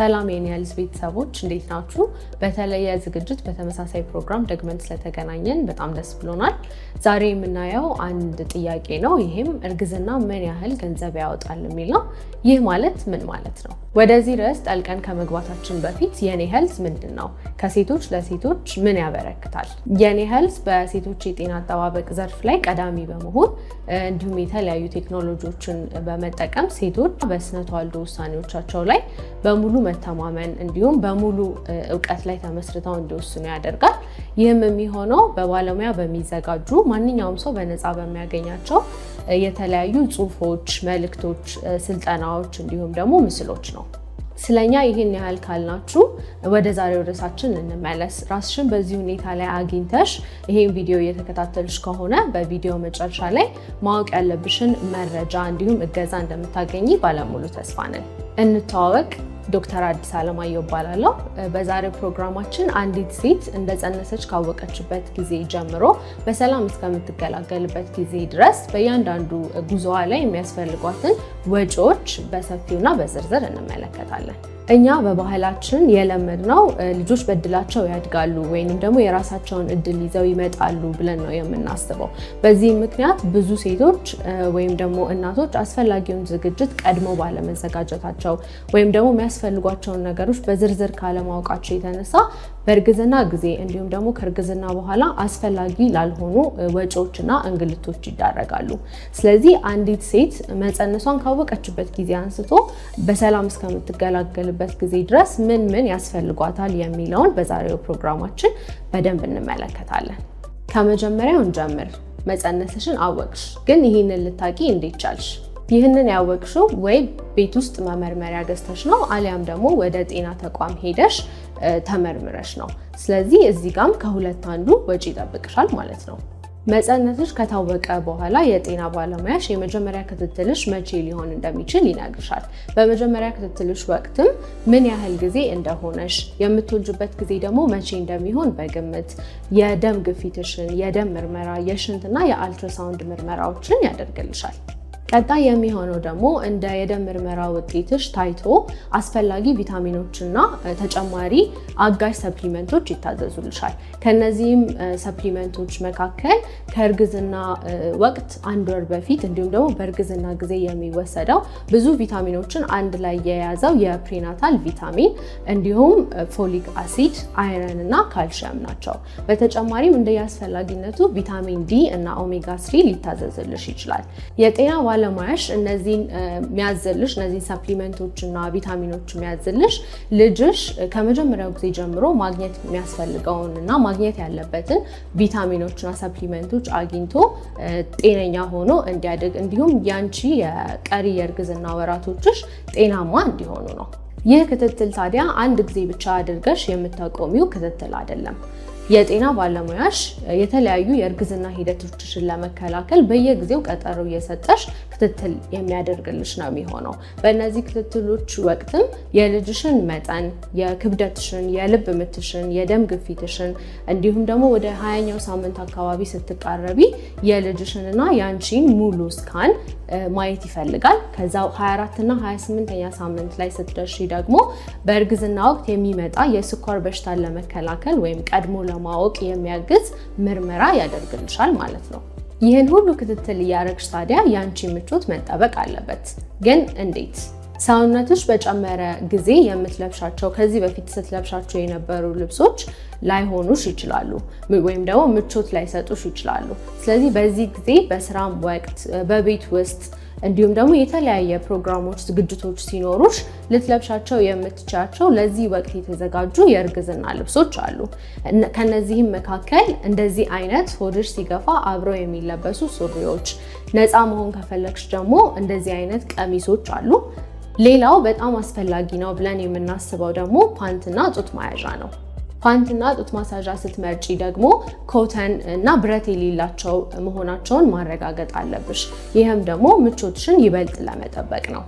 ሰላም የኒያልስ ቤተሰቦች እንዴት ናችሁ? በተለየ ዝግጅት በተመሳሳይ ፕሮግራም ደግመን ስለተገናኘን በጣም ደስ ብሎናል። ዛሬ የምናየው አንድ ጥያቄ ነው። ይህም እርግዝና ምን ያህል ገንዘብ ያወጣል የሚል ነው። ይህ ማለት ምን ማለት ነው? ወደዚህ ርዕስ ጠልቀን ከመግባታችን በፊት የኔ ሄልዝ ምንድን ነው? ከሴቶች ለሴቶች ምን ያበረክታል? የኔ ሄልዝ በሴቶች የጤና አጠባበቅ ዘርፍ ላይ ቀዳሚ በመሆን እንዲሁም የተለያዩ ቴክኖሎጂዎችን በመጠቀም ሴቶች በስነ ተዋልዶ ውሳኔዎቻቸው ላይ በሙሉ መተማመን እንዲሁም በሙሉ እውቀት ላይ ተመስርተው እንዲወስኑ ያደርጋል። ይህም የሚሆነው በባለሙያ በሚዘጋጁ ማንኛውም ሰው በነፃ በሚያገኛቸው የተለያዩ ጽሁፎች፣ መልእክቶች፣ ስልጠናዎች እንዲሁም ደግሞ ምስሎች ነው። ስለኛ ይህን ያህል ካልናችሁ ወደ ዛሬው ርዕሳችን እንመለስ። ራስሽን በዚህ ሁኔታ ላይ አግኝተሽ ይህን ቪዲዮ እየተከታተልሽ ከሆነ በቪዲዮ መጨረሻ ላይ ማወቅ ያለብሽን መረጃ እንዲሁም እገዛ እንደምታገኝ ባለሙሉ ተስፋ ነን። እንተዋወቅ፣ ዶክተር አዲስ አለማየሁ እባላለሁ። በዛሬው ፕሮግራማችን አንዲት ሴት እንደጸነሰች ካወቀችበት ጊዜ ጀምሮ በሰላም እስከምትገላገልበት ጊዜ ድረስ በእያንዳንዱ ጉዞዋ ላይ የሚያስፈልጓትን ወጪዎች በሰፊውና በዝርዝር እንመለከታለን። እኛ በባህላችን የለመድ ነው ልጆች በእድላቸው ያድጋሉ ወይንም ደግሞ የራሳቸውን እድል ይዘው ይመጣሉ ብለን ነው የምናስበው። በዚህም ምክንያት ብዙ ሴቶች ወይም ደግሞ እናቶች አስፈላጊውን ዝግጅት ቀድመው ባለመዘጋጀታቸው ወይም ደግሞ የሚያስፈልጓቸውን ነገሮች በዝርዝር ካለማወቃቸው የተነሳ በእርግዝና ጊዜ እንዲሁም ደግሞ ከእርግዝና በኋላ አስፈላጊ ላልሆኑ ወጪዎችና እንግልቶች ይዳረጋሉ። ስለዚህ አንዲት ሴት መፀነሷን ካወቀችበት ጊዜ አንስቶ በሰላም እስከምትገላገልበት ጊዜ ድረስ ምን ምን ያስፈልጓታል የሚለውን በዛሬው ፕሮግራማችን በደንብ እንመለከታለን። ከመጀመሪያው እንጀምር። መፀነስሽን አወቅሽ፣ ግን ይህንን ልታቂ እንዴት ቻልሽ? ይህንን ያወቅሽው ወይ ቤት ውስጥ መመርመሪያ ገዝተሽ ነው አሊያም ደግሞ ወደ ጤና ተቋም ሄደሽ ተመርምረሽ ነው። ስለዚህ እዚህ ጋም ከሁለት አንዱ ወጪ ይጠብቅሻል ማለት ነው። መጸነትሽ ከታወቀ በኋላ የጤና ባለሙያሽ የመጀመሪያ ክትትልሽ መቼ ሊሆን እንደሚችል ይነግርሻል። በመጀመሪያ ክትትልሽ ወቅትም ምን ያህል ጊዜ እንደሆነሽ፣ የምትወልጅበት ጊዜ ደግሞ መቼ እንደሚሆን በግምት የደም ግፊትሽን፣ የደም ምርመራ፣ የሽንትና የአልትራሳውንድ ምርመራዎችን ያደርግልሻል። ቀጣይ የሚሆነው ደግሞ እንደ የደም ምርመራ ውጤትሽ ታይቶ አስፈላጊ ቪታሚኖችና ተጨማሪ አጋዥ ሰፕሊመንቶች ይታዘዙልሻል። ከነዚህም ሰፕሊመንቶች መካከል ከእርግዝና ወቅት አንድ ወር በፊት እንዲሁም ደግሞ በእርግዝና ጊዜ የሚወሰደው ብዙ ቪታሚኖችን አንድ ላይ የያዘው የፕሪናታል ቪታሚን እንዲሁም ፎሊክ አሲድ፣ አይረን እና ካልሽየም ናቸው። በተጨማሪም እንደ ቪታሚን ዲ እና ኦሜጋ ስሪ ሊታዘዝልሽ ይችላል። የጤና ባለሙያሽ እነዚህን የሚያዝልሽ እነዚህን ሰፕሊመንቶች እና ቪታሚኖች የሚያዝልሽ ልጅሽ ከመጀመሪያው ጊዜ ጀምሮ ማግኘት የሚያስፈልገውን እና ማግኘት ያለበትን ቪታሚኖችና ሰፕሊመንቶች አግኝቶ ጤነኛ ሆኖ እንዲያድግ እንዲሁም ያንቺ የቀሪ የእርግዝና ወራቶችሽ ጤናማ እንዲሆኑ ነው። ይህ ክትትል ታዲያ አንድ ጊዜ ብቻ አድርገሽ የምታቆሚው ክትትል አይደለም። የጤና ባለሙያሽ የተለያዩ የእርግዝና ሂደቶችሽን ለመከላከል በየጊዜው ቀጠሮ እየሰጠሽ ክትትል የሚያደርግልሽ ነው የሚሆነው። በእነዚህ ክትትሎች ወቅትም የልጅሽን መጠን፣ የክብደትሽን፣ የልብ ምትሽን፣ የደም ግፊትሽን እንዲሁም ደግሞ ወደ ሀያኛው ሳምንት አካባቢ ስትቃረቢ የልጅሽንና የአንቺን ሙሉ ስካን ማየት ይፈልጋል። ከዛ 24 እና 28ኛ ሳምንት ላይ ስትደርሺ ደግሞ በእርግዝና ወቅት የሚመጣ የስኳር በሽታን ለመከላከል ወይም ቀድሞ ለማወቅ የሚያግዝ ምርመራ ያደርግልሻል ማለት ነው። ይህን ሁሉ ክትትል እያደረግሽ ታዲያ የአንቺ ምቾት መጠበቅ አለበት። ግን እንዴት? ሰውነትሽ በጨመረ ጊዜ የምትለብሻቸው ከዚህ በፊት ስትለብሻቸው የነበሩ ልብሶች ላይሆኑሽ ይችላሉ፣ ወይም ደግሞ ምቾት ላይሰጡሽ ይችላሉ። ስለዚህ በዚህ ጊዜ በስራም ወቅት በቤት ውስጥ እንዲሁም ደግሞ የተለያየ ፕሮግራሞች፣ ዝግጅቶች ሲኖሩሽ ልትለብሻቸው የምትችያቸው ለዚህ ወቅት የተዘጋጁ የእርግዝና ልብሶች አሉ። ከነዚህም መካከል እንደዚህ አይነት ሆድሽ ሲገፋ አብረው የሚለበሱ ሱሪዎች፣ ነፃ መሆን ከፈለግሽ ደግሞ እንደዚህ አይነት ቀሚሶች አሉ። ሌላው በጣም አስፈላጊ ነው ብለን የምናስበው ደግሞ ፓንትና ጡት ማያዣ ነው። ፓንትና ጡት ማሳዣ ስትመርጪ ደግሞ ኮተን እና ብረት የሌላቸው መሆናቸውን ማረጋገጥ አለብሽ። ይህም ደግሞ ምቾትሽን ይበልጥ ለመጠበቅ ነው።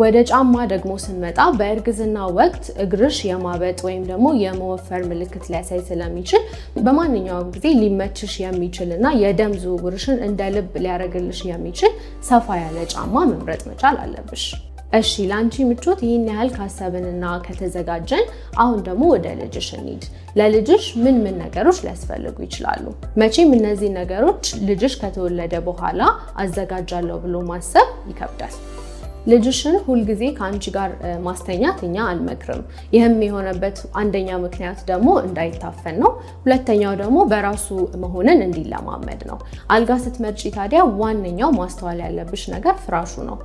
ወደ ጫማ ደግሞ ስንመጣ በእርግዝና ወቅት እግርሽ የማበጥ ወይም ደግሞ የመወፈር ምልክት ሊያሳይ ስለሚችል በማንኛውም ጊዜ ሊመችሽ የሚችል እና የደም ዝውውርሽን እንደ ልብ ሊያደርግልሽ የሚችል ሰፋ ያለ ጫማ መምረጥ መቻል አለብሽ። እሺ ለአንቺ ምቾት ይህን ያህል ካሰብንና ከተዘጋጀን አሁን ደግሞ ወደ ልጅሽ እንሂድ። ለልጅሽ ምን ምን ነገሮች ሊያስፈልጉ ይችላሉ? መቼም እነዚህ ነገሮች ልጅሽ ከተወለደ በኋላ አዘጋጃለሁ ብሎ ማሰብ ይከብዳል። ልጅሽን ሁልጊዜ ከአንቺ ጋር ማስተኛት እኛ አንመክርም። ይህም የሆነበት አንደኛ ምክንያት ደግሞ እንዳይታፈን ነው። ሁለተኛው ደግሞ በራሱ መሆንን እንዲለማመድ ነው። አልጋ ስትመርጪ ታዲያ ዋነኛው ማስተዋል ያለብሽ ነገር ፍራሹ ነው።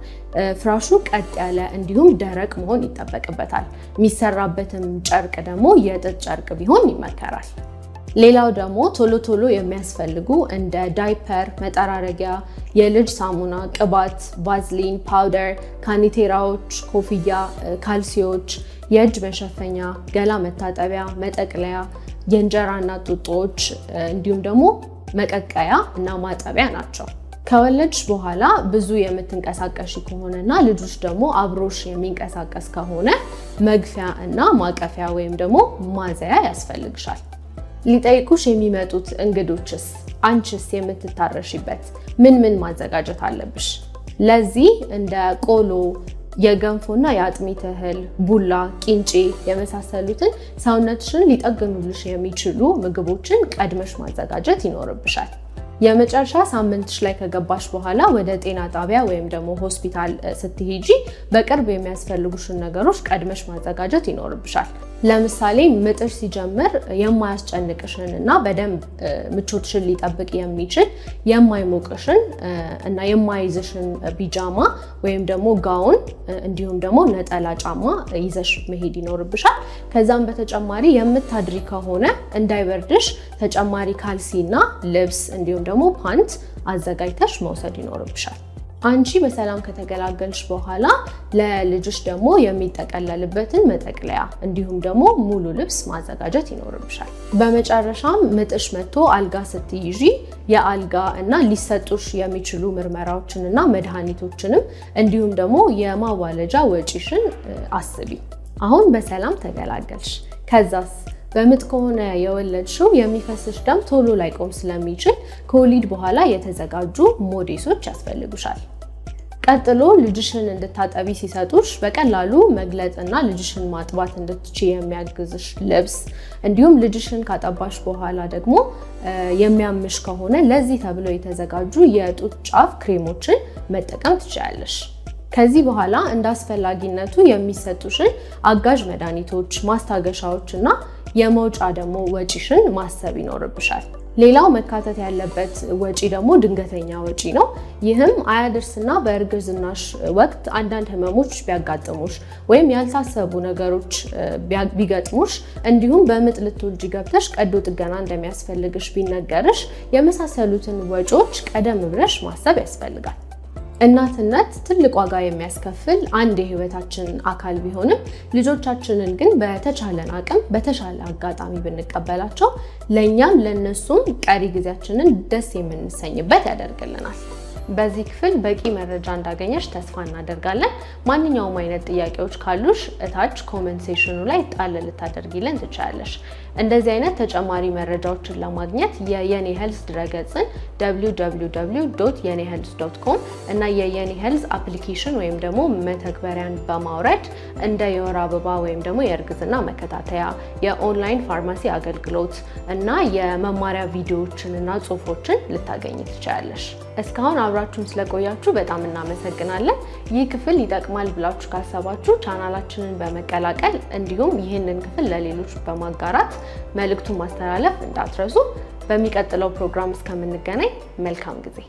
ፍራሹ ቀጥ ያለ እንዲሁም ደረቅ መሆን ይጠበቅበታል። የሚሰራበትም ጨርቅ ደግሞ የጥጥ ጨርቅ ቢሆን ይመከራል። ሌላው ደግሞ ቶሎ ቶሎ የሚያስፈልጉ እንደ ዳይፐር፣ መጠራረጊያ፣ የልጅ ሳሙና፣ ቅባት፣ ቫዝሊን፣ ፓውደር፣ ካኒቴራዎች፣ ኮፍያ፣ ካልሲዎች፣ የእጅ መሸፈኛ፣ ገላ መታጠቢያ፣ መጠቅለያ፣ የእንጀራና ጡጦዎች እንዲሁም ደግሞ መቀቀያ እና ማጠቢያ ናቸው። ከወለድሽ በኋላ ብዙ የምትንቀሳቀሽ ከሆነ እና ልጆች ደግሞ አብሮሽ የሚንቀሳቀስ ከሆነ መግፊያ እና ማቀፊያ ወይም ደግሞ ማዘያ ያስፈልግሻል። ሊጠይቁሽ የሚመጡት እንግዶችስ አንቺስ የምትታረሽበት ምን ምን ማዘጋጀት አለብሽ? ለዚህ እንደ ቆሎ የገንፎና የአጥሚት እህል፣ ቡላ፣ ቂንጬ የመሳሰሉትን ሰውነትሽን ሊጠግኑልሽ የሚችሉ ምግቦችን ቀድመሽ ማዘጋጀት ይኖርብሻል። የመጨረሻ ሳምንትሽ ላይ ከገባሽ በኋላ ወደ ጤና ጣቢያ ወይም ደግሞ ሆስፒታል ስትሄጂ በቅርብ የሚያስፈልጉሽን ነገሮች ቀድመሽ ማዘጋጀት ይኖርብሻል። ለምሳሌ ምጥር ሲጀምር የማያስጨንቅሽን እና በደንብ ምቾትሽን ሊጠብቅ የሚችል የማይሞቅሽን እና የማይዝሽን ቢጃማ ወይም ደግሞ ጋውን እንዲሁም ደግሞ ነጠላ ጫማ ይዘሽ መሄድ ይኖርብሻል። ከዛም በተጨማሪ የምታድሪ ከሆነ እንዳይበርድሽ ተጨማሪ ካልሲና ልብስ እንዲሁም ደግሞ ፓንት አዘጋጅተሽ መውሰድ ይኖርብሻል። አንቺ በሰላም ከተገላገልሽ በኋላ ለልጆች ደግሞ የሚጠቀለልበትን መጠቅለያ እንዲሁም ደግሞ ሙሉ ልብስ ማዘጋጀት ይኖርብሻል። በመጨረሻም ምጥሽ መጥቶ አልጋ ስትይዢ የአልጋ እና ሊሰጡሽ የሚችሉ ምርመራዎችን እና መድኃኒቶችንም እንዲሁም ደግሞ የማዋለጃ ወጪሽን አስቢ። አሁን በሰላም ተገላገልሽ ከዛስ በምጥ ከሆነ የወለድሽው የሚፈስሽ ደም ቶሎ ላይቆም ስለሚችል ከወሊድ በኋላ የተዘጋጁ ሞዴሶች ያስፈልጉሻል። ቀጥሎ ልጅሽን እንድታጠቢ ሲሰጡሽ በቀላሉ መግለጥና ልጅሽን ማጥባት እንድትች የሚያግዝሽ ልብስ እንዲሁም ልጅሽን ካጠባሽ በኋላ ደግሞ የሚያምሽ ከሆነ ለዚህ ተብሎ የተዘጋጁ የጡት ጫፍ ክሬሞችን መጠቀም ትችላለሽ። ከዚህ በኋላ እንደ አስፈላጊነቱ የሚሰጡሽን አጋዥ መድኃኒቶች፣ ማስታገሻዎች እና የመውጫ ደግሞ ወጪሽን ማሰብ ይኖርብሻል። ሌላው መካተት ያለበት ወጪ ደግሞ ድንገተኛ ወጪ ነው። ይህም አያድርስና በእርግዝናሽ ወቅት አንዳንድ ህመሞች ቢያጋጥሙሽ ወይም ያልታሰቡ ነገሮች ቢገጥሙሽ እንዲሁም በምጥ ልትወልጂ ገብተሽ ቀዶ ጥገና እንደሚያስፈልግሽ ቢነገርሽ የመሳሰሉትን ወጪዎች ቀደም ብለሽ ማሰብ ያስፈልጋል። እናትነት ትልቅ ዋጋ የሚያስከፍል አንድ የህይወታችን አካል ቢሆንም ልጆቻችንን ግን በተቻለን አቅም በተሻለ አጋጣሚ ብንቀበላቸው ለእኛም ለእነሱም ቀሪ ጊዜያችንን ደስ የምንሰኝበት ያደርግልናል። በዚህ ክፍል በቂ መረጃ እንዳገኘሽ ተስፋ እናደርጋለን። ማንኛውም አይነት ጥያቄዎች ካሉሽ እታች ኮመንሴሽኑ ላይ ጣል ልታደርጊልን ትችላለሽ። እንደዚህ አይነት ተጨማሪ መረጃዎችን ለማግኘት የየኔ ሄልስ ድረገጽን www የኔ ሄልስ ዶት ኮም እና የየኔ ሄልስ አፕሊኬሽን ወይም ደግሞ መተግበሪያን በማውረድ እንደ የወር አበባ ወይም ደግሞ የእርግዝና መከታተያ፣ የኦንላይን ፋርማሲ አገልግሎት እና የመማሪያ ቪዲዮዎችን እና ጽሁፎችን ልታገኝ ትችላለሽ። እስካሁን አብራ አብራችሁን ስለቆያችሁ በጣም እናመሰግናለን። ይህ ክፍል ይጠቅማል ብላችሁ ካሰባችሁ ቻናላችንን በመቀላቀል እንዲሁም ይህንን ክፍል ለሌሎች በማጋራት መልእክቱን ማስተላለፍ እንዳትረሱ። በሚቀጥለው ፕሮግራም እስከምንገናኝ መልካም ጊዜ